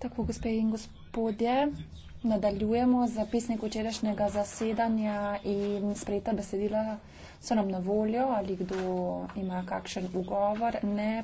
tako gospe in gospodje nadaljujemo zapisnik včerajšnjega zasedanja in sprejeta besedila so nam na voljo ali kdo ima kakšen ugovor ne